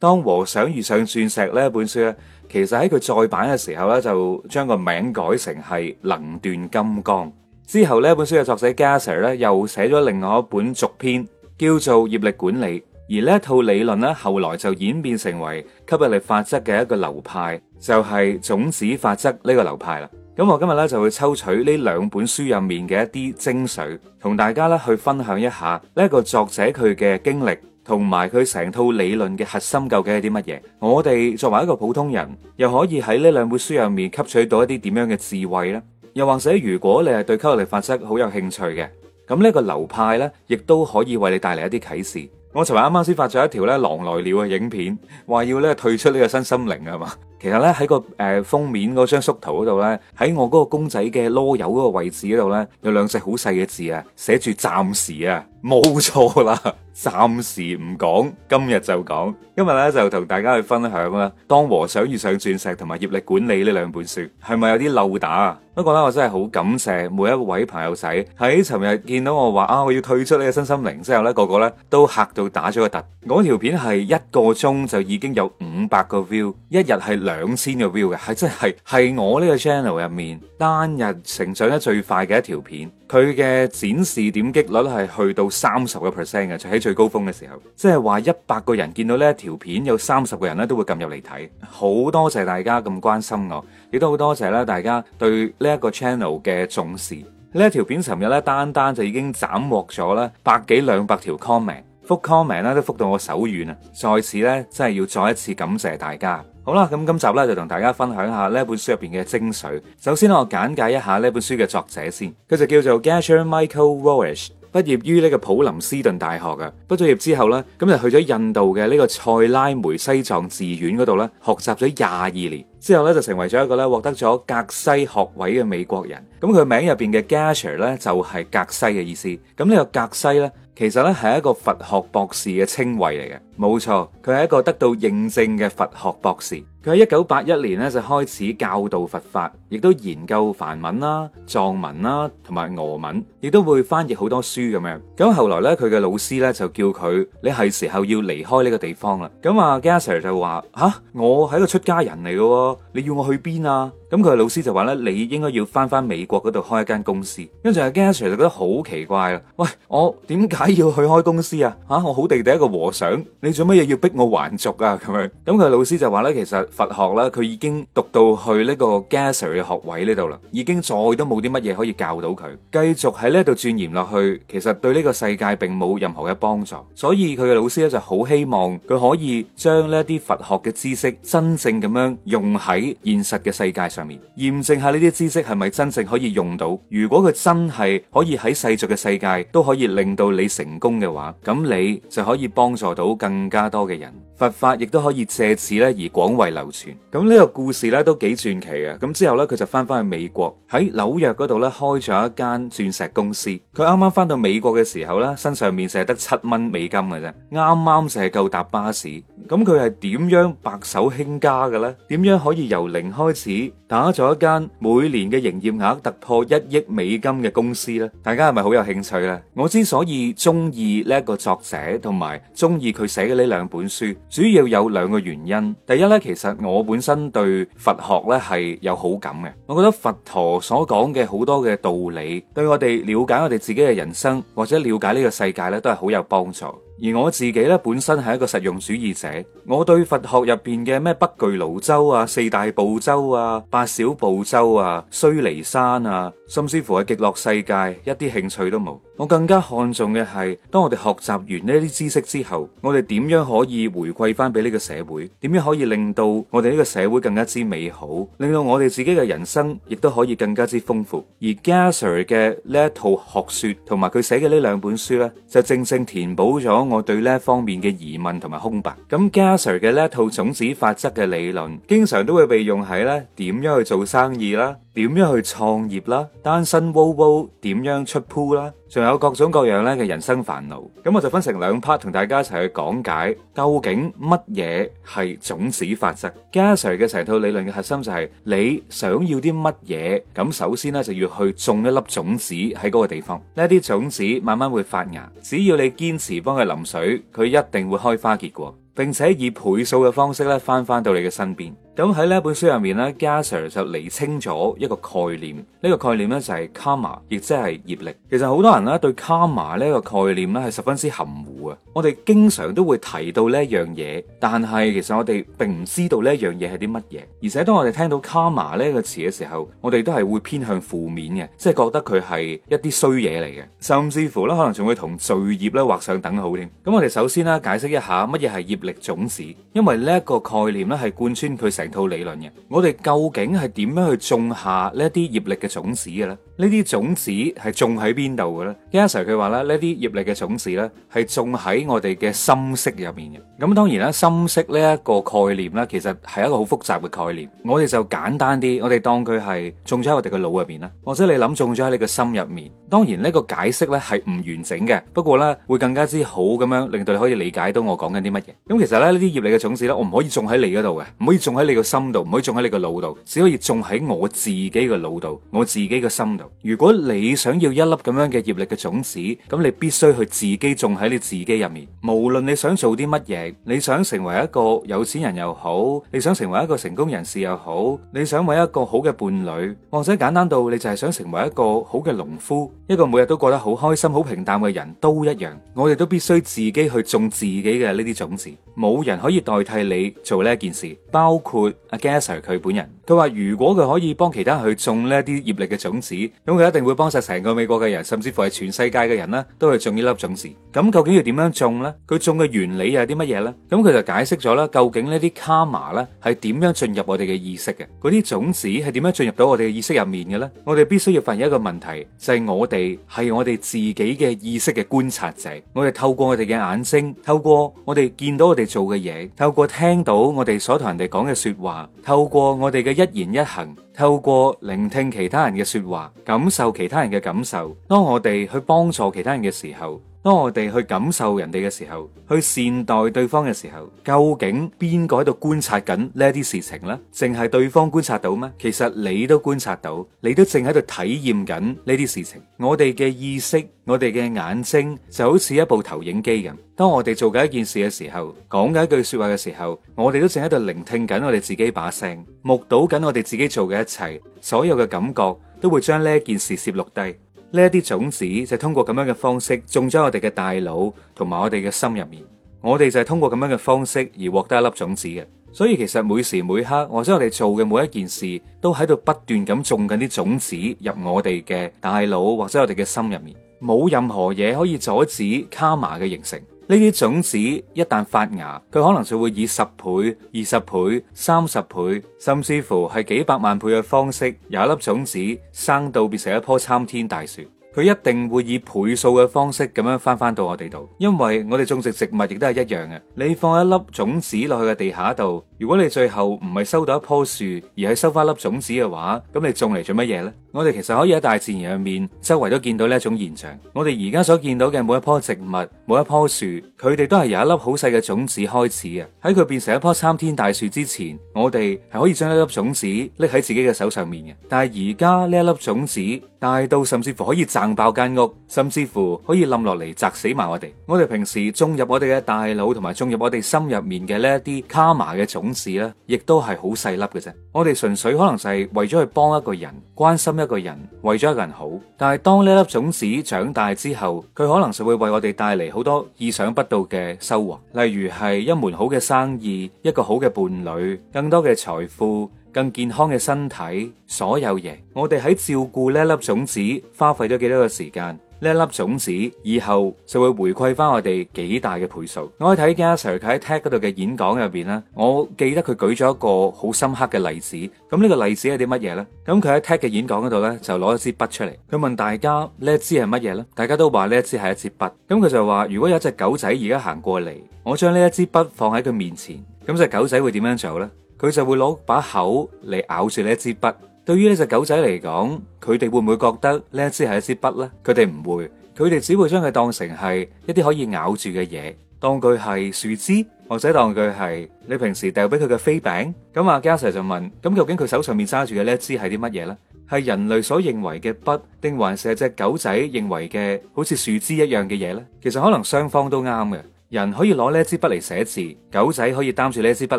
當和尚遇上鑽石呢本書咧，其實喺佢再版嘅時候咧，就將個名改成係能斷金剛。之後呢本書嘅作者加 Sir 咧，又寫咗另外一本續篇，叫做業力管理。而呢一套理論咧，後來就演變成為吸引力法則嘅一個流派，就係種子法則呢個流派啦。咁我今日咧就會抽取呢兩本書入面嘅一啲精髓，同大家咧去分享一下呢一個作者佢嘅經歷。同埋佢成套理論嘅核心究竟係啲乜嘢？我哋作為一個普通人，又可以喺呢兩本書入面吸取到一啲點樣嘅智慧呢？又或者如果你係對吸引力法則好有興趣嘅，咁呢個流派呢，亦都可以為你帶嚟一啲啟示。我尋日啱啱先發咗一條咧狼來了嘅影片，話要咧退出呢個新心靈係嘛？其實咧喺個誒、呃、封面嗰張縮圖嗰度咧，喺我嗰個公仔嘅囉柚嗰個位置嗰度咧，有兩隻好細嘅字啊，寫住暫時啊，冇錯啦，暫時唔講，今日就講。今日咧就同大家去分享啦，當和尚遇上鑽石同埋業力管理呢兩本書，係咪有啲漏打啊？不過咧，我真係好感謝每一位朋友仔喺尋日見到我話啊，我要退出呢個身心靈之後咧，個個咧都嚇到打咗個突。我條片係一個鐘就已經有五百個 view，一日係兩兩千個 view 嘅，係真係係我呢個 channel 入面單日成長得最快嘅一條片，佢嘅展示點擊率係去到三十個 percent 嘅，就喺最高峰嘅時候，即係話一百個人見到呢一條片，有三十個人咧都會撳入嚟睇。好多謝大家咁關心我，亦都好多謝啦大家對呢一個 channel 嘅重視。一條呢一條片尋日咧，單單就已經斬獲咗咧百幾兩百條 comment，覆 comment 咧都覆到我手軟啊！再次咧，真係要再一次感謝大家。好啦，咁今集咧就同大家分享下呢一本書入邊嘅精髓。首先我簡介一下呢本書嘅作者先。佢就叫做 Geshe Michael Roach，畢業於呢個普林斯頓大學嘅。畢咗業之後呢，咁就去咗印度嘅呢個塞拉梅西藏寺院嗰度咧，學習咗廿二年，之後呢，就成為咗一個咧獲得咗格西學位嘅美國人。咁佢名入邊嘅 Geshe 呢，就係、是、格西嘅意思。咁呢個格西呢，其實呢，係一個佛學博士嘅稱謂嚟嘅。冇錯，佢係一個得到認證嘅佛學博士。佢喺一九八一年咧就開始教導佛法，亦都研究梵文啦、藏文啦同埋俄文，亦都會翻譯好多書咁樣。咁後來咧，佢嘅老師咧就叫佢：你係時候要離開呢個地方啦。咁啊，Gasser 就話：吓，我係一個出家人嚟嘅喎，你要我去邊啊？咁佢嘅老師就話咧：你應該要返返美國嗰度開一間公司。跟住阿 Gasser 就覺得好奇怪啦。喂，我點解要去開公司啊？吓，我好地地一個和尚。做乜嘢要逼我還俗啊？咁樣。咁佢老師就話咧，其實佛學咧，佢已經讀到去呢個 GSA 嘅學位呢度啦，已經再都冇啲乜嘢可以教到佢。繼續喺呢度鑽研落去，其實對呢個世界並冇任何嘅幫助。所以佢嘅老師咧就好希望佢可以將呢一啲佛學嘅知識真正咁樣用喺現實嘅世界上面，驗證下呢啲知識係咪真正可以用到。如果佢真係可以喺世俗嘅世界都可以令到你成功嘅話，咁你就可以幫助到更。更加多嘅人，佛法亦都可以借此咧而廣為流傳。咁呢個故事咧都幾傳奇啊！咁之後咧佢就翻翻去美國喺紐約嗰度咧開咗一間鑽石公司。佢啱啱翻到美國嘅時候咧，身上面淨係得七蚊美金嘅啫，啱啱淨係夠搭巴士。咁佢係點樣白手興家嘅咧？點樣可以由零開始打咗一間每年嘅營業額突破一億美金嘅公司咧？大家係咪好有興趣咧？我之所以中意呢一個作者同埋中意佢寫寫嘅呢兩本書，主要有兩個原因。第一呢，其實我本身對佛學呢係有好感嘅。我覺得佛陀所講嘅好多嘅道理，對我哋了解我哋自己嘅人生或者了解呢個世界呢，都係好有幫助。而我自己呢，本身係一個實用主義者。我對佛學入邊嘅咩北俱盧洲啊、四大部洲啊、八小部洲啊、須彌山啊，甚至乎係極樂世界，一啲興趣都冇。我更加看重嘅係，當我哋學習完呢啲知識之後，我哋點樣可以回饋翻俾呢個社會？點樣可以令到我哋呢個社會更加之美好？令到我哋自己嘅人生亦都可以更加之豐富。而 Gasser 嘅呢一套學說，同埋佢寫嘅呢兩本書呢，就正正填補咗我對呢一方面嘅疑問同埋空白。咁 Gasser 嘅呢一套種子法則嘅理論，經常都會被用喺呢點樣去做生意啦。點樣去創業啦，單身 wo wo 點樣出鋪啦，仲有各種各樣咧嘅人生煩惱，咁我就分成兩 part 同大家一齊去講解，究竟乜嘢係種子法則。加 Sir 嘅成套理論嘅核心就係你想要啲乜嘢，咁首先咧就要去種一粒種子喺嗰個地方，呢一啲種子慢慢會發芽，只要你堅持幫佢淋水，佢一定會開花結果，並且以倍數嘅方式咧返返到你嘅身邊。咁喺呢一本書入面咧 Gasser 就釐清咗一個概念，呢、呢個概念咧就係 karma，亦即係業力。其實好多人咧對 karma 呢個概念咧係十分之含糊啊！我哋經常都會提到呢一樣嘢，但係其實我哋並唔知道呢一樣嘢係啲乜嘢。而且當我哋聽到 karma 呢個詞嘅時候，我哋都係會偏向負面嘅，即係覺得佢係一啲衰嘢嚟嘅，甚至乎咧可能仲會同罪業咧劃上等號添。咁我哋首先啦，解釋一下乜嘢係業力種子，因為呢一個概念咧係貫穿佢成套理論嘅，我哋究竟係點樣去種下呢一啲業力嘅種子嘅咧？呢啲種子係種喺邊度嘅咧？Elsa 佢話咧，呢啲業力嘅種子咧係種喺我哋嘅心識入面嘅。咁當然啦，心識呢一個概念咧，其實係一個好複雜嘅概念。我哋就簡單啲，我哋當佢係種咗喺我哋嘅腦入邊啦，或者你諗種咗喺你嘅心入面。當然呢個解釋咧係唔完整嘅，不過咧會更加之好咁樣令到你可以理解到我講緊啲乜嘢。咁其實咧呢啲業力嘅種子咧，我唔可以種喺你嗰度嘅，唔可以種喺你嘅心度，唔可以種喺你嘅腦度，只可以種喺我自己嘅腦度，我自己嘅心度。如果你想要一粒咁樣嘅業力嘅種子，咁你必須去自己種喺你自己入面。無論你想做啲乜嘢，你想成為一個有錢人又好，你想成為一個成功人士又好，你想搵一個好嘅伴侶，或者簡單到你就係想成為一個好嘅農夫。一個每日都過得好開心、好平淡嘅人都一樣，我哋都必須自己去種自己嘅呢啲種子，冇人可以代替你做呢一件事。包括阿 Gessler 佢本人，佢話如果佢可以幫其他人去種呢一啲業力嘅種子，咁佢一定會幫晒成個美國嘅人，甚至乎係全世界嘅人啦，都去種呢粒種子。咁究竟要點樣種咧？佢種嘅原理又係啲乜嘢咧？咁佢就解釋咗啦。究竟呢啲卡瑪咧係點樣進入我哋嘅意識嘅？嗰啲種子係點樣進入到我哋嘅意識入面嘅咧？我哋必須要發現一個問題，就係我哋。係我哋自己嘅意識嘅觀察者，我哋透過我哋嘅眼睛，透過我哋見到我哋做嘅嘢，透過聽到我哋所同人哋講嘅說話，透過我哋嘅一言一行，透過聆聽其他人嘅說話，感受其他人嘅感受。當我哋去幫助其他人嘅時候。當我哋去感受人哋嘅時候，去善待對方嘅時候，究竟邊個喺度觀察緊呢啲事情呢？淨係對方觀察到咩？其實你都觀察到，你都正喺度體驗緊呢啲事情。我哋嘅意識，我哋嘅眼睛就好似一部投影機咁。當我哋做緊一件事嘅時候，講緊一句說話嘅時候，我哋都正喺度聆聽緊我哋自己把聲，目睹緊我哋自己做嘅一切，所有嘅感覺都會將呢件事攝錄低。呢一啲種子就係通過咁樣嘅方式種咗我哋嘅大腦同埋我哋嘅心入面，我哋就係通過咁樣嘅方式而獲得一粒種子嘅。所以其實每時每刻或者我哋做嘅每一件事，都喺度不斷咁種緊啲種子入我哋嘅大腦或者我哋嘅心入面，冇任何嘢可以阻止卡瑪嘅形成。呢啲種子一旦發芽，佢可能就會以十倍、二十倍、三十倍，甚至乎係幾百萬倍嘅方式，由一粒種子生到變成一棵參天大樹，佢一定會以倍數嘅方式咁樣翻翻到我哋度，因為我哋種植植物亦都係一樣嘅，你放一粒種子落去嘅地下度。如果你最後唔係收到一棵樹，而係收翻粒種子嘅話，咁你種嚟做乜嘢呢？我哋其實可以喺大自然入面，周圍都見到呢一種現象。我哋而家所見到嘅每一棵植物、每一棵樹，佢哋都係由一粒好細嘅種子開始嘅。喺佢變成一棵參天大樹之前，我哋係可以將一粒種子拎喺自己嘅手上面嘅。但係而家呢一粒種子大到甚至乎可以掙爆間屋，甚至乎可以冧落嚟砸死埋我哋。我哋平時種入我哋嘅大腦，同埋種入我哋心入面嘅呢一啲卡瑪嘅種。籽亦都係好細粒嘅啫。我哋純粹可能就係為咗去幫一個人、關心一個人、為咗一個人好。但係當呢粒種子長大之後，佢可能就會為我哋帶嚟好多意想不到嘅收穫，例如係一門好嘅生意、一個好嘅伴侶、更多嘅財富、更健康嘅身體，所有嘢。我哋喺照顧呢粒種子，花費咗幾多個時間。呢一粒種子以後就會回饋翻我哋幾大嘅倍數。我睇嘉 Sir 佢喺 TED 嗰度嘅演講入邊咧，我記得佢舉咗一個好深刻嘅例子。咁呢個例子係啲乜嘢咧？咁佢喺 TED 嘅演講嗰度咧就攞一支筆出嚟，佢問大家，呢一支係乜嘢咧？大家都話呢一支係一支筆。咁佢就話：如果有一隻狗仔而家行過嚟，我將呢一支筆放喺佢面前，咁隻狗仔會點樣做咧？佢就會攞把口嚟咬住呢一支筆。對於呢隻狗仔嚟講，佢哋會唔會覺得呢一支係一支筆呢？佢哋唔會，佢哋只會將佢當成係一啲可以咬住嘅嘢，當佢係樹枝，或者當佢係你平時掉俾佢嘅飛餅。咁阿嘉 Sir 就問：咁究竟佢手上面揸住嘅呢一支係啲乜嘢呢？係人類所認為嘅筆，定還是係隻狗仔認為嘅好似樹枝一樣嘅嘢呢？其實可能雙方都啱嘅，人可以攞呢一支筆嚟寫字，狗仔可以擔住呢一支筆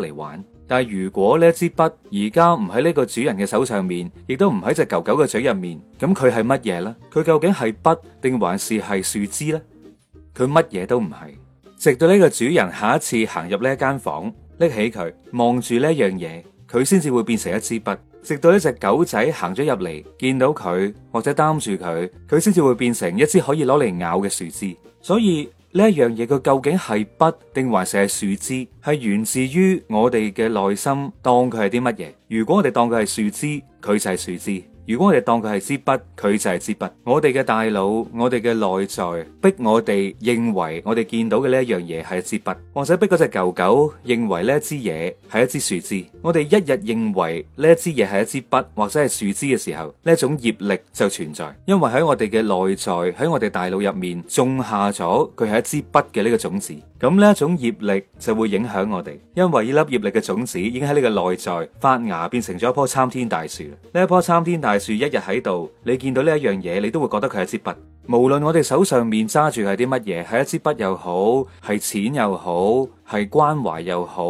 嚟玩。但係如果呢支筆而家唔喺呢個主人嘅手上面，亦都唔喺隻狗狗嘅嘴入面，咁佢係乜嘢呢？佢究竟係筆定還是係樹枝呢？佢乜嘢都唔係。直到呢個主人下一次行入呢間房，拎起佢，望住呢樣嘢，佢先至會變成一支筆。直到一隻狗仔行咗入嚟，見到佢或者擔住佢，佢先至會變成一支可以攞嚟咬嘅樹枝。所以。呢一樣嘢，佢究竟係筆定還係樹枝？係源自於我哋嘅內心，當佢係啲乜嘢？如果我哋當佢係樹枝，佢就係樹枝。如果我哋當佢係支筆，佢就係支筆。我哋嘅大腦，我哋嘅內在，逼我哋認為我哋見到嘅呢一樣嘢係一支筆，或者逼嗰隻狗狗認為呢一支嘢係一支樹枝。我哋一日認為呢一支嘢係一支筆或者係樹枝嘅時候，呢一種業力就存在，因為喺我哋嘅內在，喺我哋大腦入面種下咗佢係一支筆嘅呢個種子。咁呢一種業力就會影響我哋，因為呢粒業力嘅種子已經喺你嘅內在發芽，變成咗一棵參天大樹。呢一棵參天大樹一日喺度，你見到呢一樣嘢，你都會覺得佢係一支筆。無論我哋手上面揸住係啲乜嘢，係一支筆又好，係錢又好，係關懷又好，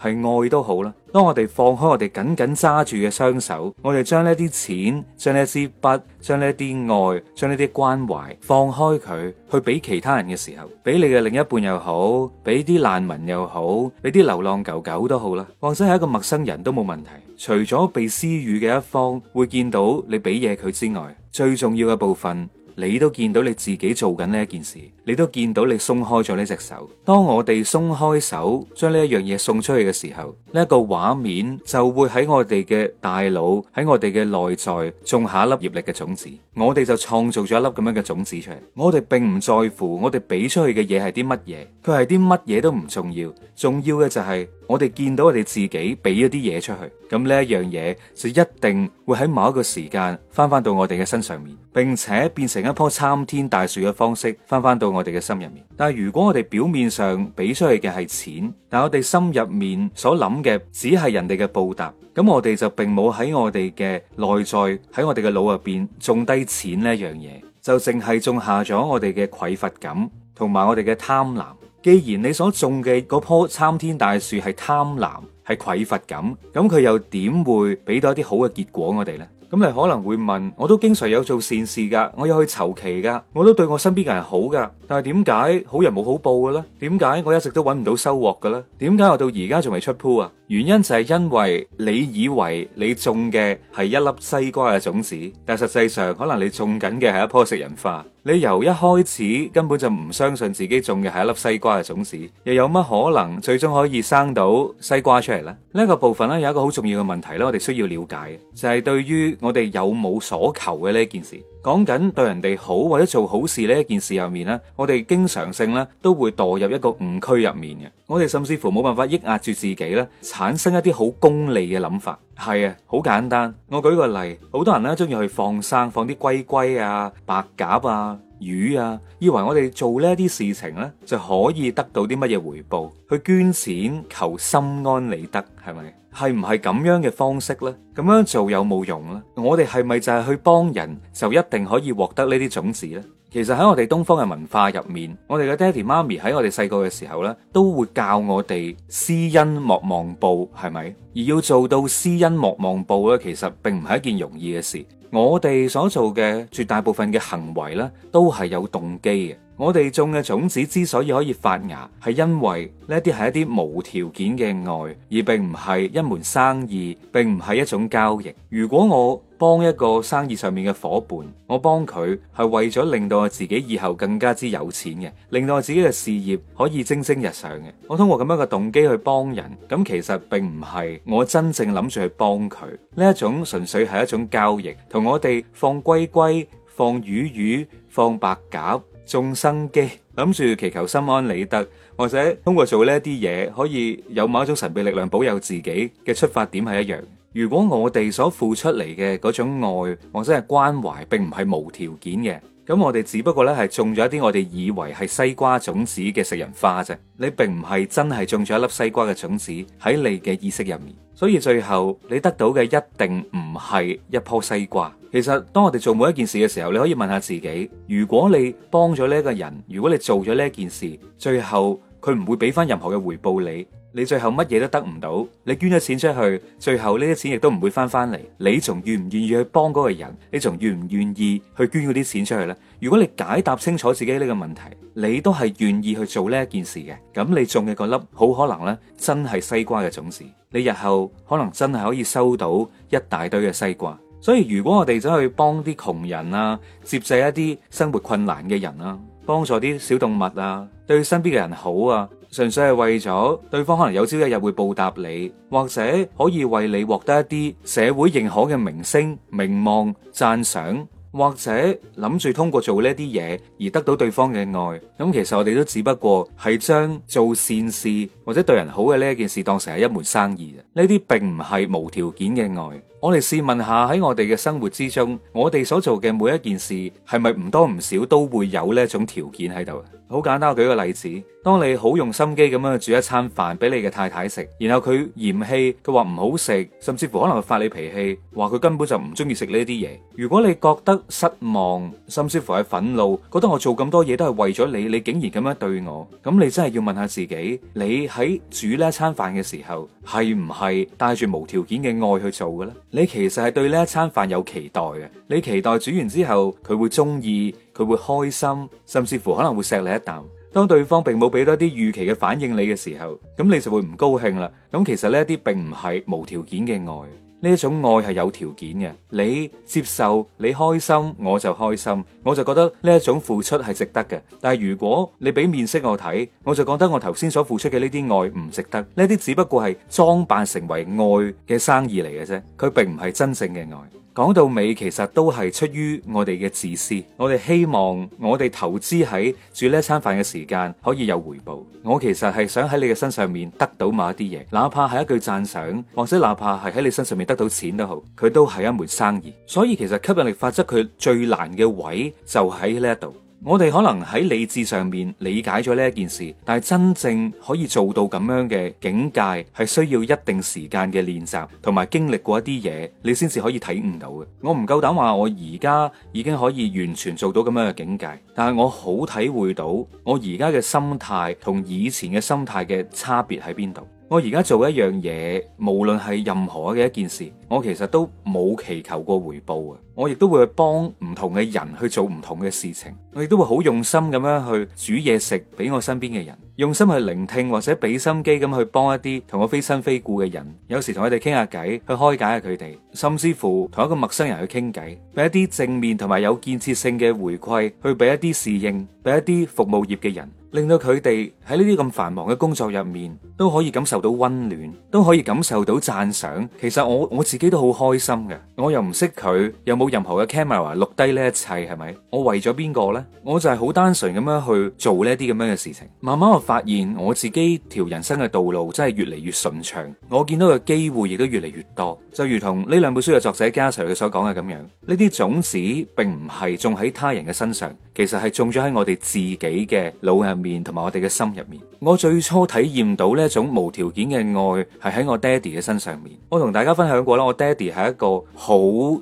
係愛都好啦。當我哋放開我哋緊緊揸住嘅雙手，我哋將呢啲錢、將呢支筆、將呢啲愛、將呢啲關懷放開佢，去俾其他人嘅時候，俾你嘅另一半又好，俾啲難民又好，俾啲流浪狗狗都好啦，或者係一個陌生人都冇問題。除咗被施予嘅一方會見到你俾嘢佢之外，最重要嘅部分，你都見到你自己做緊呢一件事。你都見到你鬆開咗呢隻手。當我哋鬆開手，將呢一樣嘢送出去嘅時候，呢一個畫面就會喺我哋嘅大腦，喺我哋嘅內在種下一粒業力嘅種子。我哋就創造咗一粒咁樣嘅種子出嚟。我哋並唔在乎我哋俾出去嘅嘢係啲乜嘢，佢係啲乜嘢都唔重要。重要嘅就係我哋見到我哋自己俾咗啲嘢出去，咁呢一樣嘢就一定會喺某一個時間翻翻到我哋嘅身上面，並且變成一棵參天大樹嘅方式翻翻到。我哋嘅心入面，但係如果我哋表面上俾出去嘅係錢，但我哋心入面所諗嘅只係人哋嘅報答，咁我哋就並冇喺我哋嘅內在喺我哋嘅腦入邊種低錢呢一樣嘢，就淨係種下咗我哋嘅匱乏感同埋我哋嘅貪婪。既然你所種嘅嗰棵參天大樹係貪婪係匱乏感，咁佢又點會俾到一啲好嘅結果我哋呢？咁你可能會問，我都經常有做善事噶，我有去籌期噶，我都對我身邊嘅人好噶，但係點解好人冇好報嘅咧？點解我一直都揾唔到收穫嘅咧？點解我到而家仲未出鋪啊？原因就係因為你以為你種嘅係一粒西瓜嘅種子，但係實際上可能你種緊嘅係一棵食人花。你由一開始根本就唔相信自己種嘅係一粒西瓜嘅種子，又有乜可能最終可以生到西瓜出嚟呢？呢一個部分咧，有一個好重要嘅問題咧，我哋需要了解，就係對於我哋有冇所求嘅呢件事。講緊對人哋好或者做好事呢一件事入面，呢我哋經常性呢都會墮入一個誤區入面嘅。我哋甚至乎冇辦法抑壓住自己呢產生一啲好功利嘅諗法。係啊，好簡單。我舉個例，好多人呢中意去放生，放啲龜龜啊、白鴿啊、魚啊，以為我哋做呢啲事情呢就可以得到啲乜嘢回報，去捐錢求心安理得，係咪？係唔係咁樣嘅方式呢？咁樣做有冇用呢？我哋係咪就係去幫人就一定可以獲得呢啲種子呢？其實喺我哋東方嘅文化入面，我哋嘅爹地媽咪喺我哋細個嘅時候呢，都會教我哋施恩莫忘報，係咪？而要做到施恩莫忘報呢，其實並唔係一件容易嘅事。我哋所做嘅絕大部分嘅行為呢，都係有動機嘅。我哋種嘅種子之所以可以發芽，係因為呢啲係一啲無條件嘅愛，而並唔係一門生意，並唔係一種交易。如果我幫一個生意上面嘅伙伴，我幫佢係為咗令到我自己以後更加之有錢嘅，令到我自己嘅事業可以蒸蒸日上嘅，我通過咁樣嘅動機去幫人，咁其實並唔係我真正諗住去幫佢呢一種，純粹係一種交易。同我哋放龜龜、放魚魚、放魚、放白鴿種生機，諗住祈求心安理得，或者通過做呢啲嘢，可以有某一種神秘力量保佑自己嘅出發點係一樣。如果我哋所付出嚟嘅嗰種愛，或者係關懷，並唔係無條件嘅。咁我哋只不過呢係種咗一啲我哋以為係西瓜種子嘅食人花啫，你並唔係真係種咗一粒西瓜嘅種子喺你嘅意識入面，所以最後你得到嘅一定唔係一棵西瓜。其實當我哋做每一件事嘅時候，你可以問下自己，如果你幫咗呢一個人，如果你做咗呢件事，最後佢唔會俾翻任何嘅回報你。你最後乜嘢都得唔到，你捐咗錢出去，最後呢啲錢亦都唔會翻翻嚟。你仲願唔願意去幫嗰個人？你仲願唔願意去捐嗰啲錢出去呢？如果你解答清楚自己呢個問題，你都係願意去做呢一件事嘅。咁你種嘅嗰粒，好可能呢，真係西瓜嘅種子。你日後可能真係可以收到一大堆嘅西瓜。所以如果我哋走去幫啲窮人啊，接濟一啲生活困難嘅人啊，幫助啲小動物啊，對身邊嘅人好啊。純粹係為咗對方可能有朝一日會報答你，或者可以為你獲得一啲社會認可嘅名聲、名望、讚賞，或者諗住通過做呢啲嘢而得到對方嘅愛。咁、嗯、其實我哋都只不過係將做善事。或者對人好嘅呢一件事當成係一門生意啊！呢啲並唔係無條件嘅愛。我哋試問下喺我哋嘅生活之中，我哋所做嘅每一件事係咪唔多唔少都會有呢一種條件喺度啊？好簡單，我舉個例子：當你好用心機咁樣煮一餐飯俾你嘅太太食，然後佢嫌棄，佢話唔好食，甚至乎可能會發你脾氣，話佢根本就唔中意食呢啲嘢。如果你覺得失望，甚至乎係憤怒，覺得我做咁多嘢都係為咗你，你竟然咁樣對我，咁你真係要問下自己，你？喺煮呢一餐飯嘅時候，係唔係帶住無條件嘅愛去做嘅咧？你其實係對呢一餐飯有期待嘅，你期待煮完之後佢會中意，佢會開心，甚至乎可能會錫你一啖。當對方並冇俾多啲預期嘅反應你嘅時候，咁你就會唔高興啦。咁其實呢一啲並唔係無條件嘅愛。呢種愛係有條件嘅，你接受你開心，我就開心，我就覺得呢一種付出係值得嘅。但係如果你俾面色我睇，我就覺得我頭先所付出嘅呢啲愛唔值得，呢啲只不過係裝扮成為愛嘅生意嚟嘅啫，佢並唔係真正嘅愛。講到尾，其實都係出於我哋嘅自私。我哋希望我哋投資喺煮呢餐飯嘅時間可以有回報。我其實係想喺你嘅身上面得到某一啲嘢，哪怕係一句讚賞，或者哪怕係喺你身上面得到錢都好，佢都係一門生意。所以其實吸引力法則佢最難嘅位就喺呢一度。我哋可能喺理智上面理解咗呢一件事，但係真正可以做到咁樣嘅境界，係需要一定時間嘅練習，同埋經歷過一啲嘢，你先至可以體悟到嘅。我唔夠膽話我而家已經可以完全做到咁樣嘅境界，但係我好體會到我而家嘅心態同以前嘅心態嘅差別喺邊度。我而家做一樣嘢，無論係任何嘅一件事，我其實都冇祈求過回報啊！我亦都會去幫唔同嘅人去做唔同嘅事情，我亦都會好用心咁樣去煮嘢食俾我身邊嘅人，用心去聆聽或者俾心機咁去幫一啲同我非親非故嘅人，有時同佢哋傾下偈，去開解下佢哋，甚至乎同一個陌生人去傾偈，俾一啲正面同埋有建設性嘅回饋，去俾一啲侍應，俾一啲服務業嘅人。令到佢哋喺呢啲咁繁忙嘅工作入面都可以感受到溫暖，都可以感受到讚賞。其實我我自己都好開心嘅。我又唔識佢，又冇任何嘅 camera 錄低呢一切，係咪？我為咗邊個咧？我就係好單純咁樣去做呢啲咁樣嘅事情。慢慢我發現我自己條人生嘅道路真係越嚟越順暢，我見到嘅機會亦都越嚟越多。就如同呢兩本書嘅作者加查佢所講嘅咁樣，呢啲種子並唔係種喺他人嘅身上，其實係種咗喺我哋自己嘅腦入面。面同埋我哋嘅心入面，我最初體驗到呢一種無條件嘅愛，係喺我爹哋嘅身上面。我同大家分享過啦，我爹哋係一個好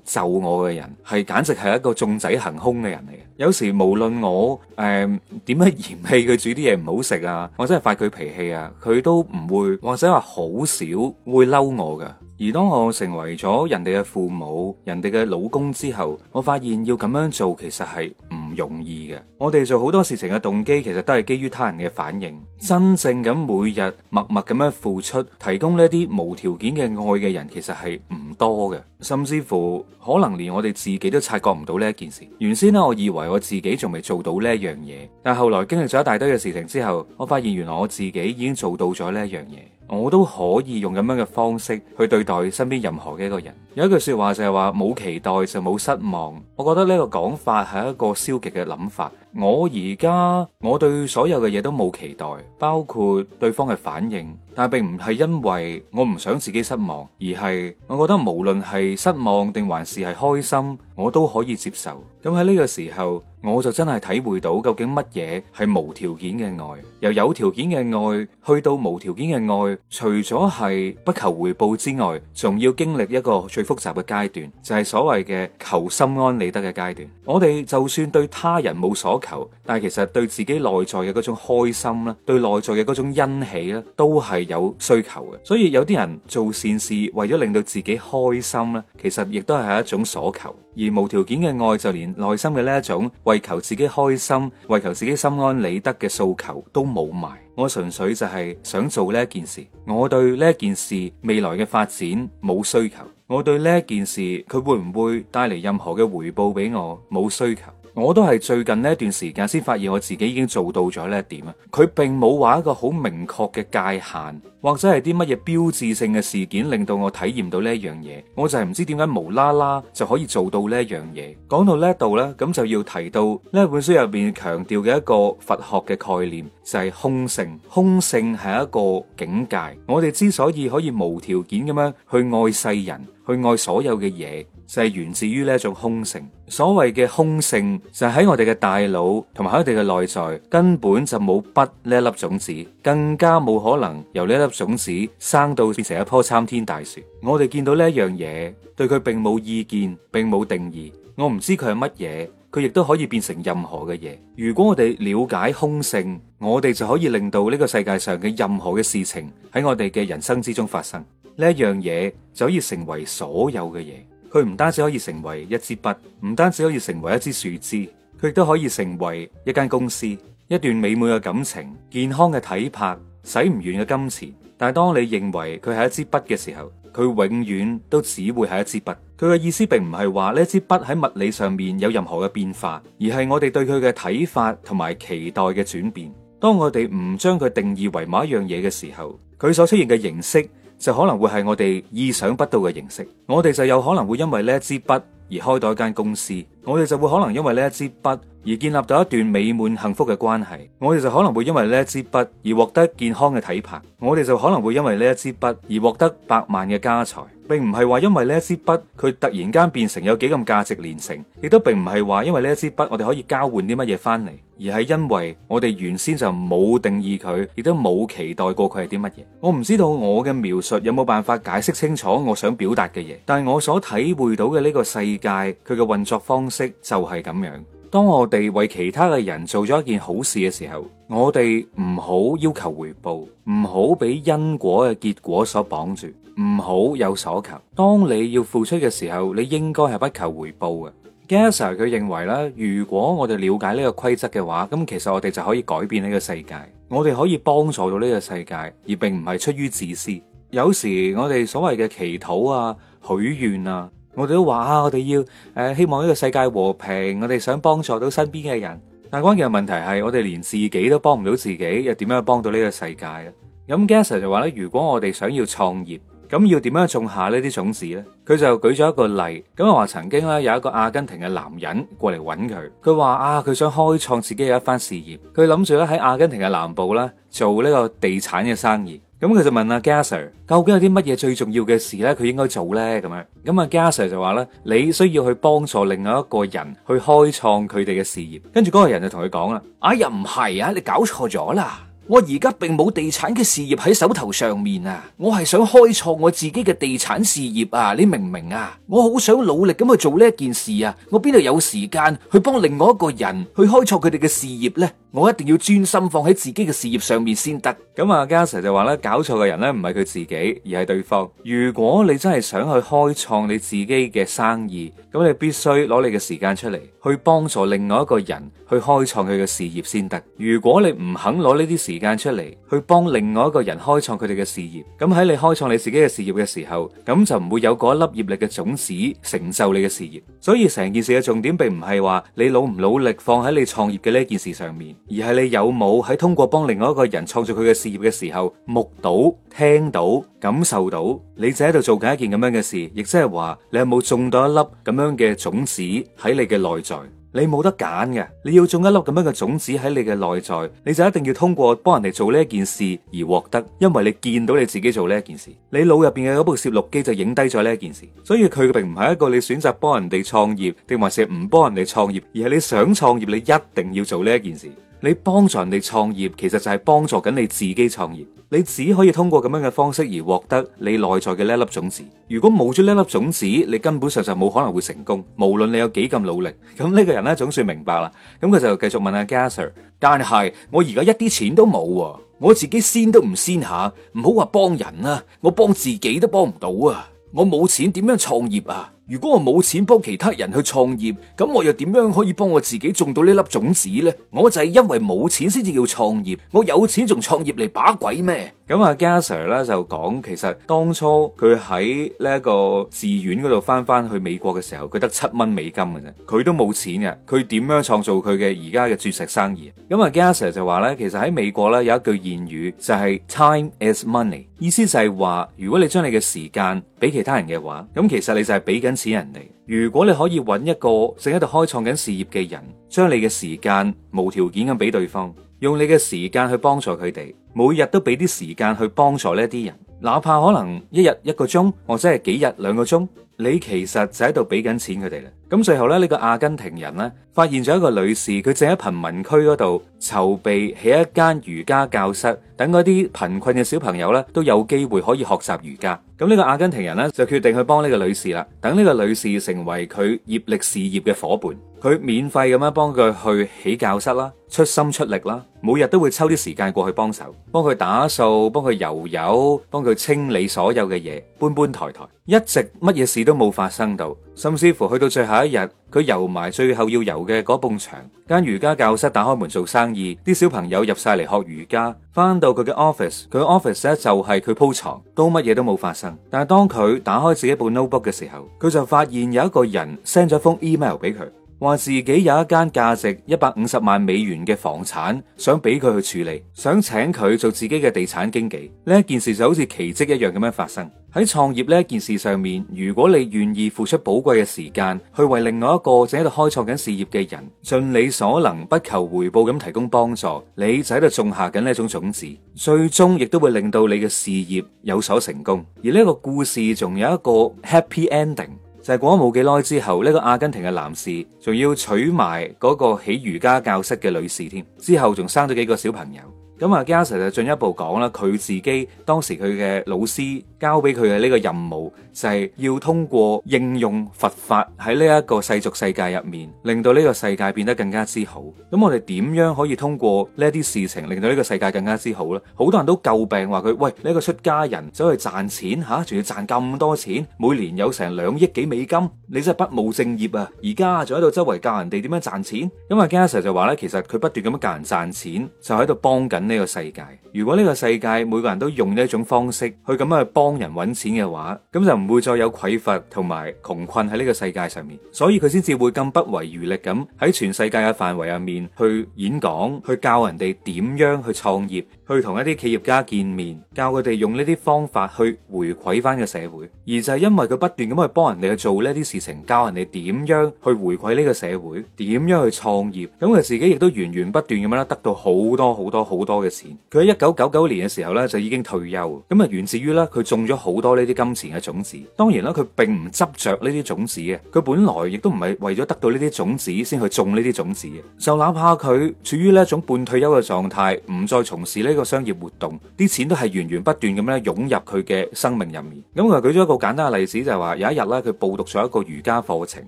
就我嘅人，係簡直係一個縱仔行兇嘅人嚟嘅。有時無論我誒點、呃、樣嫌棄佢煮啲嘢唔好食啊，或者係發佢脾氣啊，佢都唔會或者話好少會嬲我㗎。而當我成為咗人哋嘅父母、人哋嘅老公之後，我發現要咁樣做其實係容易嘅，我哋做好多事情嘅動機，其實都係基於他人嘅反應。真正咁每日默默咁樣付出，提供呢啲無條件嘅愛嘅人，其實係唔多嘅。甚至乎可能連我哋自己都察覺唔到呢一件事。原先呢，我以為我自己仲未做到呢一樣嘢，但後來經歷咗一大堆嘅事情之後，我發現原來我自己已經做到咗呢一樣嘢。我都可以用咁樣嘅方式去對待身邊任何嘅一個人。有一句說話就係話，冇期待就冇失望。我覺得呢個講法係一個消極嘅諗法。我而家我對所有嘅嘢都冇期待，包括對方嘅反應。但並唔係因為我唔想自己失望，而係我覺得無論係失望定還是係開心，我都可以接受。咁喺呢個時候，我就真係體會到究竟乜嘢係無條件嘅愛，由有條件嘅愛去到無條件嘅愛，除咗係不求回報之外，仲要經歷一個最複雜嘅階段，就係所謂嘅求心安理得嘅階段。我哋就算對他人冇所，求，但係其實對自己內在嘅嗰種開心咧，對內在嘅嗰種欣喜咧，都係有需求嘅。所以有啲人做善事，為咗令到自己開心咧，其實亦都係一種所求。而無條件嘅愛，就連內心嘅呢一種為求自己開心、為求自己心安理得嘅訴求都冇埋。我純粹就係想做呢一件事。我對呢一件事未來嘅發展冇需求。我對呢一件事佢會唔會帶嚟任何嘅回報俾我？冇需求。我都係最近呢一段時間先發現我自己已經做到咗呢一點啊！佢並冇話一個好明確嘅界限，或者係啲乜嘢標誌性嘅事件令到我體驗到呢一樣嘢。我就係唔知點解無啦啦就可以做到呢一樣嘢。講到呢一度呢，咁就要提到呢本書入邊強調嘅一個佛學嘅概念，就係空性。空性係一個境界，我哋之所以可以無條件咁樣去愛世人，去愛所有嘅嘢。就係源自於呢一種空性。所謂嘅空性就係喺我哋嘅大腦同埋喺我哋嘅內在根本就冇筆呢一粒種子，更加冇可能由呢一粒種子生到變成一棵參天大樹。我哋見到呢一樣嘢，對佢並冇意見，並冇定義。我唔知佢係乜嘢，佢亦都可以變成任何嘅嘢。如果我哋了解空性，我哋就可以令到呢個世界上嘅任何嘅事情喺我哋嘅人生之中發生呢一樣嘢，就可以成為所有嘅嘢。佢唔單止可以成為一支筆，唔單止可以成為一支樹枝，佢亦都可以成為一間公司、一段美滿嘅感情、健康嘅體魄、使唔完嘅金錢。但係當你認為佢係一支筆嘅時候，佢永遠都只會係一支筆。佢嘅意思並唔係話呢支筆喺物理上面有任何嘅變化，而係我哋對佢嘅睇法同埋期待嘅轉變。當我哋唔將佢定義為某一樣嘢嘅時候，佢所出現嘅形式，就可能會係我哋意想不到嘅形式，我哋就有可能會因為呢一支筆而開到一間公司。我哋就會可能因為呢一支筆而建立到一段美滿幸福嘅關係，我哋就可能會因為呢一支筆而獲得健康嘅體魄，我哋就可能會因為呢一支筆而獲得百萬嘅家財，並唔係話因為呢一支筆佢突然間變成有幾咁價值連城，亦都並唔係話因為呢一支筆我哋可以交換啲乜嘢翻嚟，而係因為我哋原先就冇定義佢，亦都冇期待過佢係啲乜嘢。我唔知道我嘅描述有冇辦法解釋清楚我想表達嘅嘢，但係我所體會到嘅呢個世界佢嘅運作方式。識就係咁樣。當我哋為其他嘅人做咗一件好事嘅時候，我哋唔好要求回報，唔好俾因果嘅結果所綁住，唔好有所求。當你要付出嘅時候，你應該係不求回報嘅。Geshe 佢認為咧，如果我哋了解呢個規則嘅話，咁其實我哋就可以改變呢個世界，我哋可以幫助到呢個世界，而並唔係出於自私。有時我哋所謂嘅祈禱啊、許願啊。我哋都話啊，我哋要誒、呃、希望呢個世界和平，我哋想幫助到身邊嘅人。但關鍵嘅問題係，我哋連自己都幫唔到自己，又點樣幫到呢個世界咧？咁 Gasser 就話咧，如果我哋想要創業，咁要點樣種下呢啲種子呢？」佢就舉咗一個例，咁就話曾經咧有一個阿根廷嘅男人過嚟揾佢，佢話啊，佢想開創自己嘅一番事業，佢諗住咧喺阿根廷嘅南部咧做呢個地產嘅生意。咁佢、嗯、就問阿 Gasser 究竟有啲乜嘢最重要嘅事呢？佢應該做呢？咁樣咁啊 Gasser 就話咧，你需要去幫助另外一個人去開創佢哋嘅事業。跟住嗰個人就同佢講啦，啊又唔係啊，你搞錯咗啦！我而家並冇地產嘅事業喺手頭上面啊，我係想開創我自己嘅地產事業啊！你明唔明啊？我好想努力咁去做呢一件事啊！我邊度有時間去幫另外一個人去開創佢哋嘅事業呢？我一定要專心放喺自己嘅事業上面先得。咁啊、嗯，加 Sir 就話咧，搞錯嘅人咧唔係佢自己，而係對方。如果你真係想去開創你自己嘅生意，咁你必須攞你嘅時間出嚟，去幫助另外一個人去開創佢嘅事業先得。如果你唔肯攞呢啲時間出嚟，去幫另外一個人開創佢哋嘅事業，咁喺你開創你自己嘅事業嘅時候，咁就唔會有嗰一粒業力嘅種子成就你嘅事業。所以成件事嘅重點並唔係話你努唔努力放喺你創業嘅呢件事上面，而係你有冇喺通過幫另外一個人創造佢嘅。事業嘅時候，目睹、聽到、感受到，你就喺度做緊一件咁樣嘅事，亦即係話你有冇種到一粒咁樣嘅種子喺你嘅內在？你冇得揀嘅，你要種一粒咁樣嘅種子喺你嘅內在，你就一定要通過幫人哋做呢一件事而獲得，因為你見到你自己做呢一件事，你腦入邊嘅嗰部攝錄機就影低咗呢一件事，所以佢並唔係一個你選擇幫人哋創業，定還是唔幫人哋創業，而係你想創業，你一定要做呢一件事。你幫助人哋創業，其實就係幫助緊你自己創業。你只可以通過咁樣嘅方式而獲得你內在嘅呢粒種子。如果冇咗呢粒種子，你根本上就冇可能會成功。無論你有幾咁努力，咁呢個人呢，總算明白啦。咁佢就繼續問阿 Gasser，但係我而家一啲錢都冇，我自己先都唔先下，唔好話幫人啊，我幫自己都幫唔到啊！我冇錢點樣創業啊？如果我冇錢幫其他人去創業，咁我又點樣可以幫我自己種到呢粒種子呢？我就係因為冇錢先至要創業，我有錢仲創業嚟把鬼咩？咁啊，Gaser 咧就講，其實當初佢喺呢一個寺院嗰度翻翻去美國嘅時候，佢得七蚊美金嘅啫，佢都冇錢嘅，佢點樣創造佢嘅而家嘅鑽石生意？咁、嗯、啊，Gaser 就話咧，其實喺美國咧有一句諺語就係、是、Time is money，意思就係話，如果你將你嘅時間俾其他人嘅話，咁其實你就係俾緊錢人哋。如果你可以揾一個正喺度開創緊事業嘅人，將你嘅時間無條件咁俾對方。用你嘅時間去幫助佢哋，每日都俾啲時間去幫助呢啲人，哪怕可能一日一個鐘，或者係幾日兩個鐘，你其實就喺度俾緊錢佢哋啦。咁、嗯、最後咧，呢、呢個阿根廷人呢，發現咗一個女士，佢正喺貧民區嗰度籌備起一間瑜伽教室，等嗰啲貧困嘅小朋友呢，都有機會可以學習瑜伽。咁、嗯、呢、呢個阿根廷人呢，就決定去幫呢個女士啦，等呢個女士成為佢業力事業嘅夥伴。佢免費咁樣幫佢去起教室啦，出心出力啦，每日都會抽啲時間過去幫手，幫佢打掃，幫佢油油，幫佢清理所有嘅嘢，搬搬抬抬，一直乜嘢事都冇發生到，甚至乎去到最後一日，佢油埋最後要油嘅嗰埲牆間瑜伽教室打開門做生意，啲小朋友入晒嚟學瑜伽，翻到佢嘅 office，佢 office 咧就係佢鋪床，都乜嘢都冇發生。但係當佢打開自己部 notebook 嘅時候，佢就發現有一個人 send 咗封 email 俾佢。話自己有一間價值一百五十萬美元嘅房產，想俾佢去處理，想請佢做自己嘅地產經紀。呢一件事就好似奇蹟一樣咁樣發生。喺創業呢件事上面，如果你願意付出寶貴嘅時間去為另外一個正喺度開創緊事業嘅人，盡你所能不求回報咁提供幫助，你就喺度種下緊呢一種種子，最終亦都會令到你嘅事業有所成功。而呢個故事仲有一個 happy ending。就係過咗冇幾耐之後，呢個阿根廷嘅男士仲要娶埋嗰個喺瑜伽教室嘅女士添，之後仲生咗幾個小朋友。咁啊 Geshe 就進一步講啦，佢自己當時佢嘅老師。交俾佢嘅呢個任務就係、是、要通過應用佛法喺呢一個世俗世界入面，令到呢個世界變得更加之好。咁我哋點樣可以通過呢啲事情，令到呢個世界更加之好呢？好多人都詬病話佢，喂，呢個出家人走去賺錢吓，仲、啊、要賺咁多錢，每年有成兩億幾美金，你真係不務正業啊！而家仲喺度周圍教人哋點樣賺錢。咁阿 Gasser 就話呢，其實佢不斷咁樣教人賺錢，就喺度幫緊呢個世界。如果呢個世界每個人都用呢一種方式去咁樣去幫人揾錢嘅話，咁就唔會再有匱乏同埋窮困喺呢個世界上面，所以佢先至會咁不遺餘力咁喺全世界嘅範圍入面去演講，去教人哋點樣去創業。去同一啲企業家見面，教佢哋用呢啲方法去回饋翻個社會，而就係因為佢不斷咁去幫人哋去做呢啲事情，教人哋點樣去回饋呢個社會，點樣去創業，咁佢自己亦都源源不斷咁樣咧得到好多好多好多嘅錢。佢喺一九九九年嘅時候咧就已經退休，咁啊源自於咧佢種咗好多呢啲金錢嘅種子。當然啦，佢並唔執着呢啲種子嘅，佢本來亦都唔係為咗得到呢啲種子先去種呢啲種子嘅，就哪怕佢處於呢一種半退休嘅狀態，唔再從事呢，呢個商業活動，啲錢都係源源不斷咁樣湧入佢嘅生命入面。咁佢舉咗一個簡單嘅例子，就係話有一日咧，佢報讀咗一個瑜伽課程。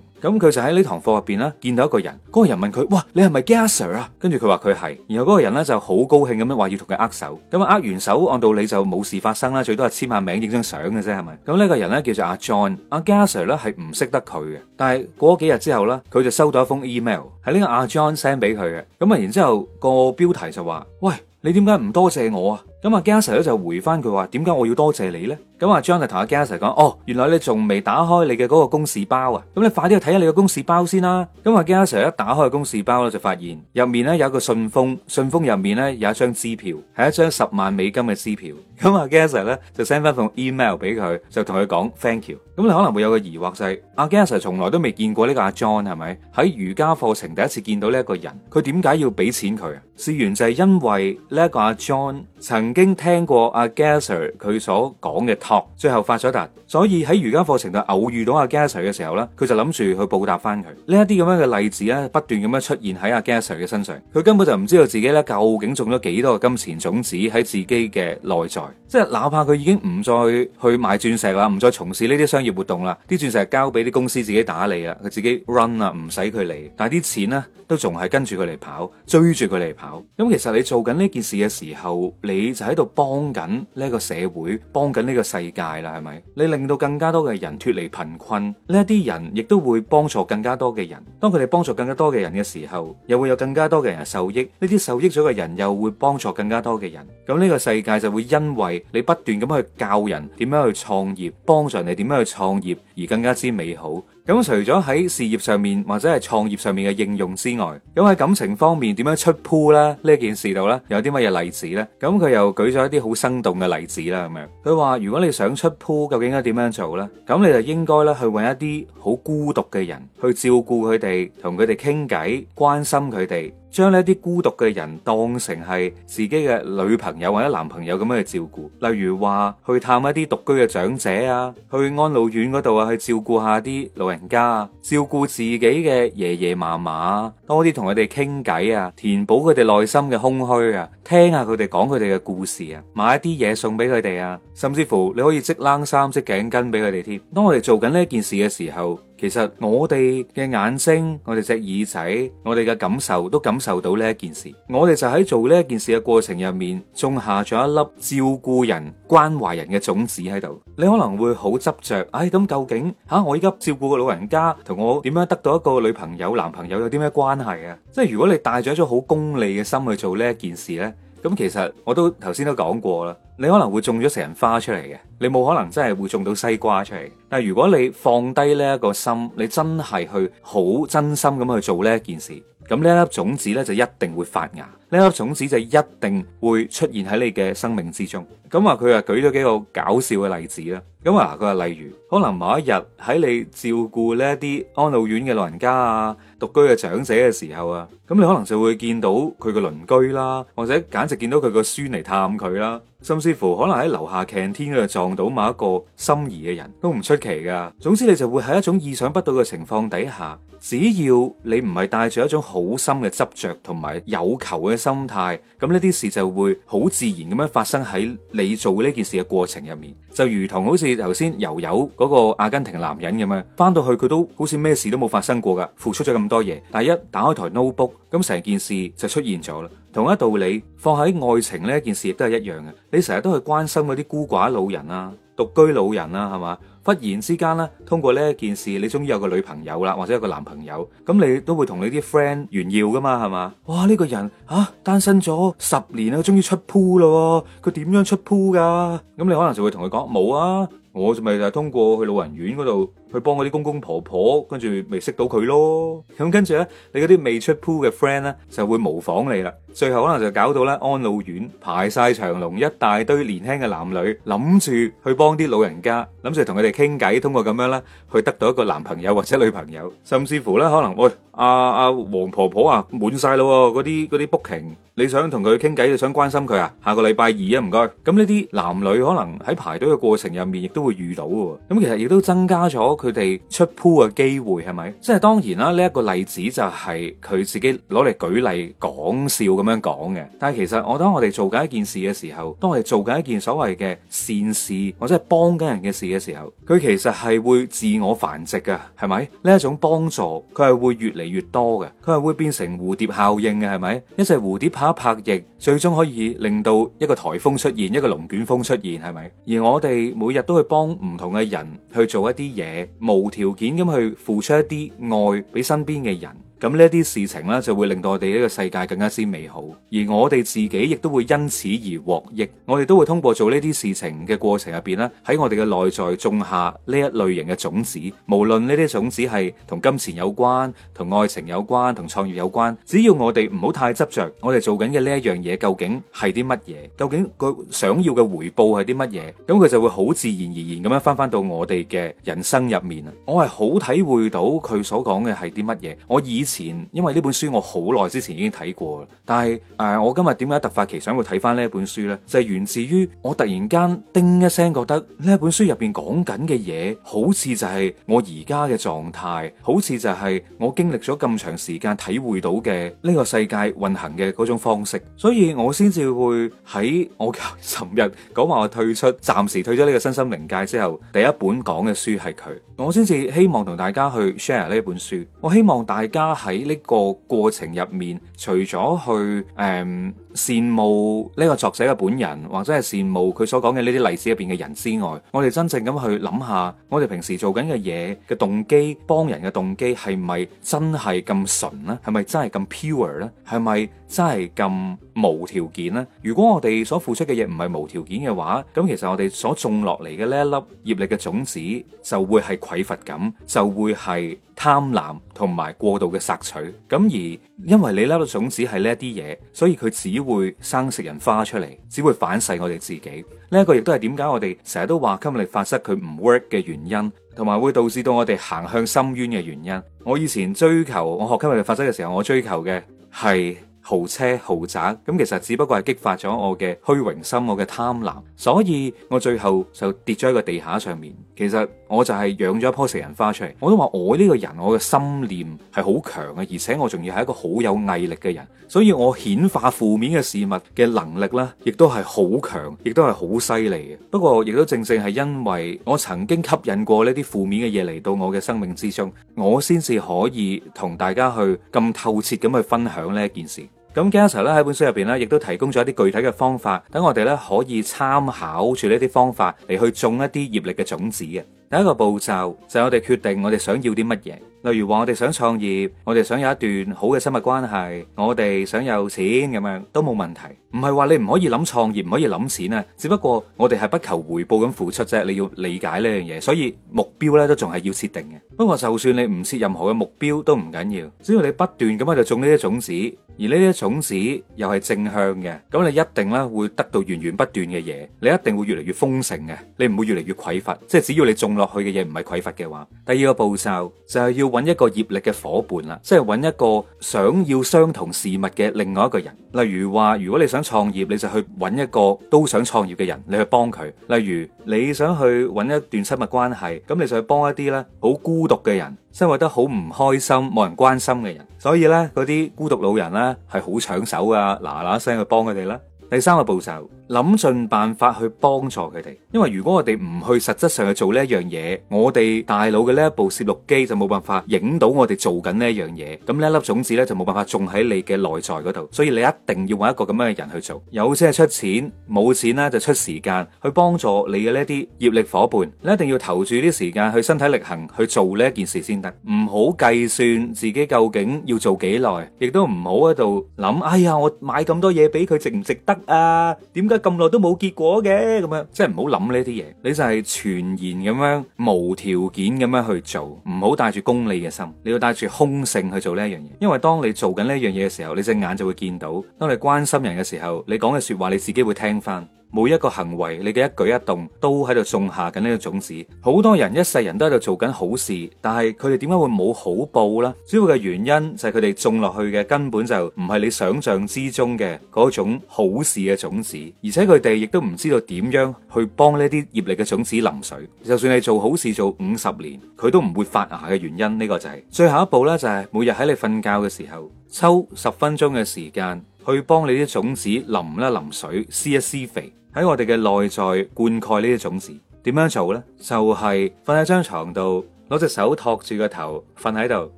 咁佢就喺呢堂課入邊咧見到一個人。嗰個人問佢：哇，你係咪 Gasser 啊？跟住佢話佢係。然後嗰個人咧就好高興咁樣話要同佢握手。咁啊，握完手，按道理就冇事發生啦，最多係簽下名，影張相嘅啫，係咪？咁呢個人咧叫做阿 John，阿 Gasser 咧係唔識得佢嘅。但係過咗幾日之後咧，佢就收到一封 email，係呢個阿 John send 俾佢嘅。咁啊，然之後個標題就話：喂！你點解唔多謝我啊？咁阿、啊、Gasser 咧就回翻佢話，點解我要多謝,謝你呢？」咁阿 John 就同阿、啊、Gasser 講哦，原來你仲未打開你嘅嗰個公事包啊，咁你快啲去睇下你嘅公事包先啦。咁、啊、阿 Gasser 一打開個公事包咧，就發現入面咧有一個信封，信封入面咧有一張支票，係一張十萬美金嘅支票。咁、啊、阿 Gasser 咧就 send 翻份 email 俾佢，就同佢講 thank you。咁、啊、你可能會有個疑惑就係、是、阿、啊、Gasser 從來都未見過呢個阿、啊、John 係咪喺瑜伽課程第一次見到呢一個人？佢點解要俾錢佢？事源就係因為呢一個阿、啊、John。曾經聽過阿 Gasser 佢所講嘅 talk 最後發咗達。所以喺瑜伽課程度偶遇到阿 Gasser 嘅時候呢，佢就諗住去報答翻佢。呢一啲咁樣嘅例子咧，不斷咁樣出現喺阿 Gasser 嘅身上。佢根本就唔知道自己咧，究竟種咗幾多個金錢種子喺自己嘅內在。即係哪怕佢已經唔再去賣鑽石啦，唔再從事呢啲商業活動啦，啲鑽石交俾啲公司自己打理啊，佢自己 run 啊，唔使佢理。但係啲錢呢，都仲係跟住佢嚟跑，追住佢嚟跑。咁其實你做緊呢件事嘅時候，你就喺度幫緊呢個社會，幫緊呢個世界啦，係咪？你令到更加多嘅人脫離貧困，呢一啲人亦都會幫助更加多嘅人。當佢哋幫助更加多嘅人嘅時候，又會有更加多嘅人受益。呢啲受益咗嘅人又會幫助更加多嘅人。咁、這、呢個世界就會因為你不斷咁去教人點樣去創業，幫助你哋點樣去創業，而更加之美好。咁除咗喺事業上面或者係創業上面嘅應用之外，咁喺感情方面點樣出 Pool 咧？呢件事度咧，有啲乜嘢例子咧？咁佢又舉咗一啲好生動嘅例子啦。咁樣佢話如果你想出 Pool，究竟應該點樣做咧？咁你就應該咧去搵一啲好孤獨嘅人去照顧佢哋，同佢哋傾偈，關心佢哋。將呢啲孤獨嘅人當成係自己嘅女朋友或者男朋友咁樣去照顧，例如話去探一啲獨居嘅長者啊，去安老院嗰度啊去照顧下啲老人家，照顧自己嘅爺爺嫲嫲，多啲同佢哋傾偈啊，填補佢哋內心嘅空虛啊，聽下佢哋講佢哋嘅故事啊，買一啲嘢送俾佢哋啊，甚至乎你可以織冷衫織頸巾俾佢哋添。當我哋做緊呢件事嘅時候。其實我哋嘅眼睛、我哋隻耳仔、我哋嘅感受都感受到呢一件事。我哋就喺做呢一件事嘅過程入面，種下咗一粒照顧人、關懷人嘅種子喺度。你可能會好執着，唉、哎，咁究竟吓、啊、我依家照顧個老人家，同我點樣得到一個女朋友、男朋友有啲咩關係啊？即係如果你帶咗一種好功利嘅心去做呢一件事呢。咁其實我都頭先都講過啦，你可能會種咗成人花出嚟嘅，你冇可能真係會種到西瓜出嚟。但係如果你放低呢一個心，你真係去好真心咁去做呢一件事。咁呢一粒種子咧，就一定會發芽，呢粒種子就一定會出現喺你嘅生命之中。咁話佢就舉咗幾個搞笑嘅例子啦。咁啊，佢就例如可能某一日喺你照顧呢一啲安老院嘅老人家啊、獨居嘅長者嘅時候啊，咁你可能就會見到佢嘅鄰居啦，或者簡直見到佢個孫嚟探佢啦。甚至乎可能喺樓下 canteen 度撞到某一個心儀嘅人都唔出奇噶。總之你就會喺一種意想不到嘅情況底下，只要你唔係帶住一種好深嘅執着同埋有求嘅心態，咁呢啲事就會好自然咁樣發生喺你做呢件事嘅過程入面。就如同好似頭先由由嗰個阿根廷男人咁樣，翻到去佢都好似咩事都冇發生過噶，付出咗咁多嘢，但一打開台 notebook，咁成件事就出現咗啦。同一道理，放喺愛情呢件事亦都係一樣嘅。你成日都去關心嗰啲孤寡老人啊、獨居老人啊，係嘛？忽然之間咧，通過呢一件事，你終於有個女朋友啦，或者有個男朋友，咁你都會同你啲 friend 炫耀噶嘛，係嘛？哇！呢個人啊單身咗十年啊，終於出鋪咯，佢點樣出鋪㗎？咁你可能就會同佢講冇啊，我就咪就係通過去老人院嗰度。去幫嗰啲公公婆婆，跟住未識到佢咯。咁跟住呢，你嗰啲未出 pool 嘅 friend 呢，就會模仿你啦。最後可能就搞到呢，安老院排晒長龍，一大堆年輕嘅男女，諗住去幫啲老人家，諗住同佢哋傾偈，通過咁樣呢，去得到一個男朋友或者女朋友。甚至乎呢，可能喂，阿阿王婆婆啊，滿晒啦，嗰啲嗰啲 booking，你想同佢傾偈，你想關心佢啊，下個禮拜二啊，唔該。咁呢啲男女可能喺排隊嘅過程入面，亦都會遇到喎。咁其實亦都增加咗。佢哋出鋪嘅機會係咪？即係當然啦，呢一個例子就係佢自己攞嚟舉例講笑咁樣講嘅。但係其實我當我哋做緊一件事嘅時候，當我哋做緊一件所謂嘅善事或者係幫緊人嘅事嘅時候，佢其實係會自我繁殖嘅，係咪？呢一種幫助佢係會越嚟越多嘅，佢係會變成蝴蝶效應嘅，係咪？一隻蝴蝶拍一拍翼，最終可以令到一個颱風出現，一個龍捲風出現，係咪？而我哋每日都去幫唔同嘅人去做一啲嘢，無條件咁去付出一啲愛俾身邊嘅人。咁呢啲事情呢，就會令到我哋呢個世界更加之美好，而我哋自己亦都會因此而獲益。我哋都會通過做呢啲事情嘅過程入邊呢，喺我哋嘅內在種下呢一類型嘅種子，無論呢啲種子係同金錢有關、同愛情有關、同創業有關，只要我哋唔好太執着，我哋做緊嘅呢一樣嘢究竟係啲乜嘢？究竟佢想要嘅回報係啲乜嘢？咁佢就會好自然而然咁樣返返到我哋嘅人生入面啊！我係好體會到佢所講嘅係啲乜嘢，我以前，因為呢本書我好耐之前已經睇過，但係誒、呃，我今日點解突發奇想會睇翻呢一本書呢？就係、是、源自於我突然間叮一聲，覺得呢一本書入邊講緊嘅嘢，好似就係我而家嘅狀態，好似就係我經歷咗咁長時間體會到嘅呢個世界運行嘅嗰種方式，所以我先至會喺我尋日講話我退出，暫時退咗呢個身心靈界之後，第一本講嘅書係佢，我先至希望同大家去 share 呢本書，我希望大家。喺呢個過程入面，除咗去誒、Um 羨慕呢個作者嘅本人，或者係羨慕佢所講嘅呢啲例子入邊嘅人之外，我哋真正咁去諗下，我哋平時做緊嘅嘢嘅動機，幫人嘅動機係咪真係咁純咧？係咪真係咁 pure 咧？係咪真係咁無條件咧？如果我哋所付出嘅嘢唔係無條件嘅話，咁其實我哋所種落嚟嘅呢一粒業力嘅種子，就會係匱乏感，就會係貪婪同埋過度嘅索取，咁而。因為你粒粒種子係呢啲嘢，所以佢只會生食人花出嚟，只會反噬我哋自己。呢、這、一個亦都係點解我哋成日都話吸引力法則佢唔 work 嘅原因，同埋會導致到我哋行向深淵嘅原因。我以前追求我學吸引力法則嘅時候，我追求嘅係豪車豪宅，咁其實只不過係激發咗我嘅虛榮心、我嘅貪婪，所以我最後就跌咗喺個地下上面。其實。我就係養咗一棵食人花出嚟，我都話我呢個人我嘅心念係好強嘅，而且我仲要係一個好有毅力嘅人，所以我顯化負面嘅事物嘅能力呢，亦都係好強，亦都係好犀利嘅。不過，亦都正正係因為我曾經吸引過呢啲負面嘅嘢嚟到我嘅生命之中，我先至可以同大家去咁透徹咁去分享呢一件事。咁 Gareth 咧喺本書入邊呢，亦都提供咗一啲具體嘅方法，等我哋呢，可以參考住呢啲方法嚟去種一啲業力嘅種子嘅。第一個步驟就係我哋決定我哋想要啲乜嘢，例如話我哋想創業，我哋想有一段好嘅親密關係，我哋想有錢咁樣都冇問題。唔係話你唔可以諗創業，唔可以諗錢啊，只不過我哋係不求回報咁付出啫，你要理解呢樣嘢，所以目標呢都仲係要設定嘅。不過就算你唔設任何嘅目標都唔緊要，只要你不斷咁就種呢啲種子，而呢啲種子又係正向嘅，咁你一定咧會得到源源不斷嘅嘢，你一定會越嚟越豐盛嘅，你唔會越嚟越匱乏，即係只要你種。落去嘅嘢唔係匱乏嘅話，第二個步驟就係要揾一個業力嘅伙伴啦，即係揾一個想要相同事物嘅另外一個人。例如話，如果你想創業，你就去揾一個都想創業嘅人，你去幫佢。例如你想去揾一段親密關係，咁你就去幫一啲咧好孤獨嘅人，即係覺得好唔開心、冇人關心嘅人。所以咧，嗰啲孤獨老人咧係好搶手啊，嗱嗱聲去幫佢哋啦。第三個步驟。諗盡辦法去幫助佢哋。因為如果我哋唔去實質上去做呢一樣嘢,我哋大腦嘅呢部攝錄機就冇辦法影到我哋做緊呢一樣嘢。咁呢粒種子呢就冇辦法種喺你嘅內在嗰度。所以你一定要搵一個咁樣嘅人去做。有錢係出錢,冇錢呢,就出時間去幫助你嘅呢啲業力伙伴。你一定要投注啲時間去身體力行去做呢件事先得。唔好計算自己究竟要做幾耐。亦都唔好喺度諗,哎呀,我買咁多嘢俾佢值唔值得啊。點解？咁耐都冇結果嘅咁樣，即係唔好諗呢啲嘢，你就係全然咁樣無條件咁樣去做，唔好帶住功利嘅心，你要帶住空性去做呢一樣嘢。因為當你做緊呢一樣嘢嘅時候，你隻眼就會見到。當你關心人嘅時候，你講嘅說話你自己會聽翻。每一個行為，你嘅一舉一動都喺度種下緊呢個種子。好多人一世人，都喺度做緊好事，但係佢哋點解會冇好報呢？主要嘅原因就係佢哋種落去嘅根本就唔係你想象之中嘅嗰種好事嘅種子，而且佢哋亦都唔知道點樣去幫呢啲業力嘅種子淋水。就算你做好事做五十年，佢都唔會發芽嘅原因。呢個就係最後一步咧，就係每日喺你瞓覺嘅時候，抽十分鐘嘅時間。去幫你啲種子淋一淋水，施一施肥，喺我哋嘅內在灌溉呢啲種子。點樣做呢？就係瞓喺張床度，攞隻手托住個頭，瞓喺度，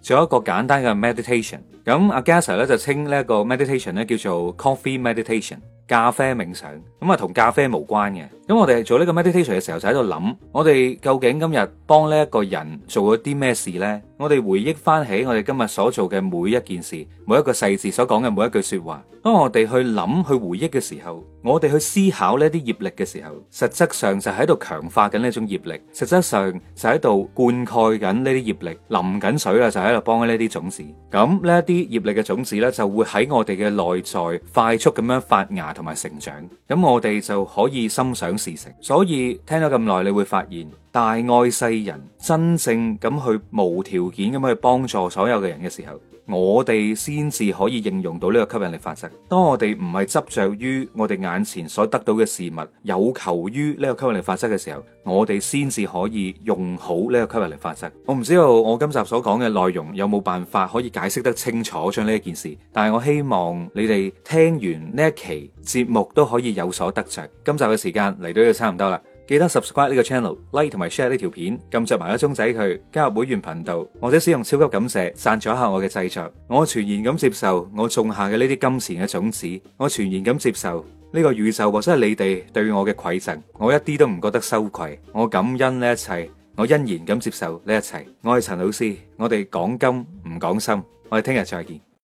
做一個簡單嘅 meditation。咁阿 Gasser 咧就稱呢個 meditation 咧叫做 coffee meditation。咖啡冥想，咁啊，同咖啡無關嘅。咁我哋做呢個 meditation 嘅時候，就喺度諗，我哋究竟今日幫呢一個人做咗啲咩事呢？我哋回憶翻起我哋今日所做嘅每一件事，每一個細節所講嘅每一句説話。當我哋去諗去回憶嘅時候，我哋去思考呢啲業力嘅時候，實質上就喺度強化緊呢一種業力，實質上就喺度灌溉緊呢啲業力，淋緊水啦，就喺度幫呢啲種子。咁呢一啲業力嘅種子呢，就會喺我哋嘅內在快速咁樣發芽。同埋成長，咁我哋就可以心想事成。所以聽咗咁耐，你會發現大愛世人真正咁去無條件咁去幫助所有嘅人嘅時候，我哋先至可以應用到呢個吸引力法則。當我哋唔係執着於我哋眼前所得到嘅事物，有求於呢個吸引力法則嘅時候，我哋先至可以用好呢個吸引力法則。我唔知道我今集所講嘅內容有冇辦法可以解釋得清楚將呢一件事，但係我希望你哋聽完呢一期節目都可以有所得着。今集嘅時間嚟到就差唔多啦。記得 subscribe 呢個 channel，like 同埋 share 呢條片，撳着埋個鐘仔佢，加入會員頻道或者使用超級感謝，贊助一下我嘅製作。我全然咁接受我種下嘅呢啲金錢嘅種子，我全然咁接受呢個宇宙或者係你哋對我嘅饋贈，我一啲都唔覺得羞愧，我感恩呢一切，我欣然咁接受呢一切。我係陳老師，我哋講金唔講心，我哋聽日再見。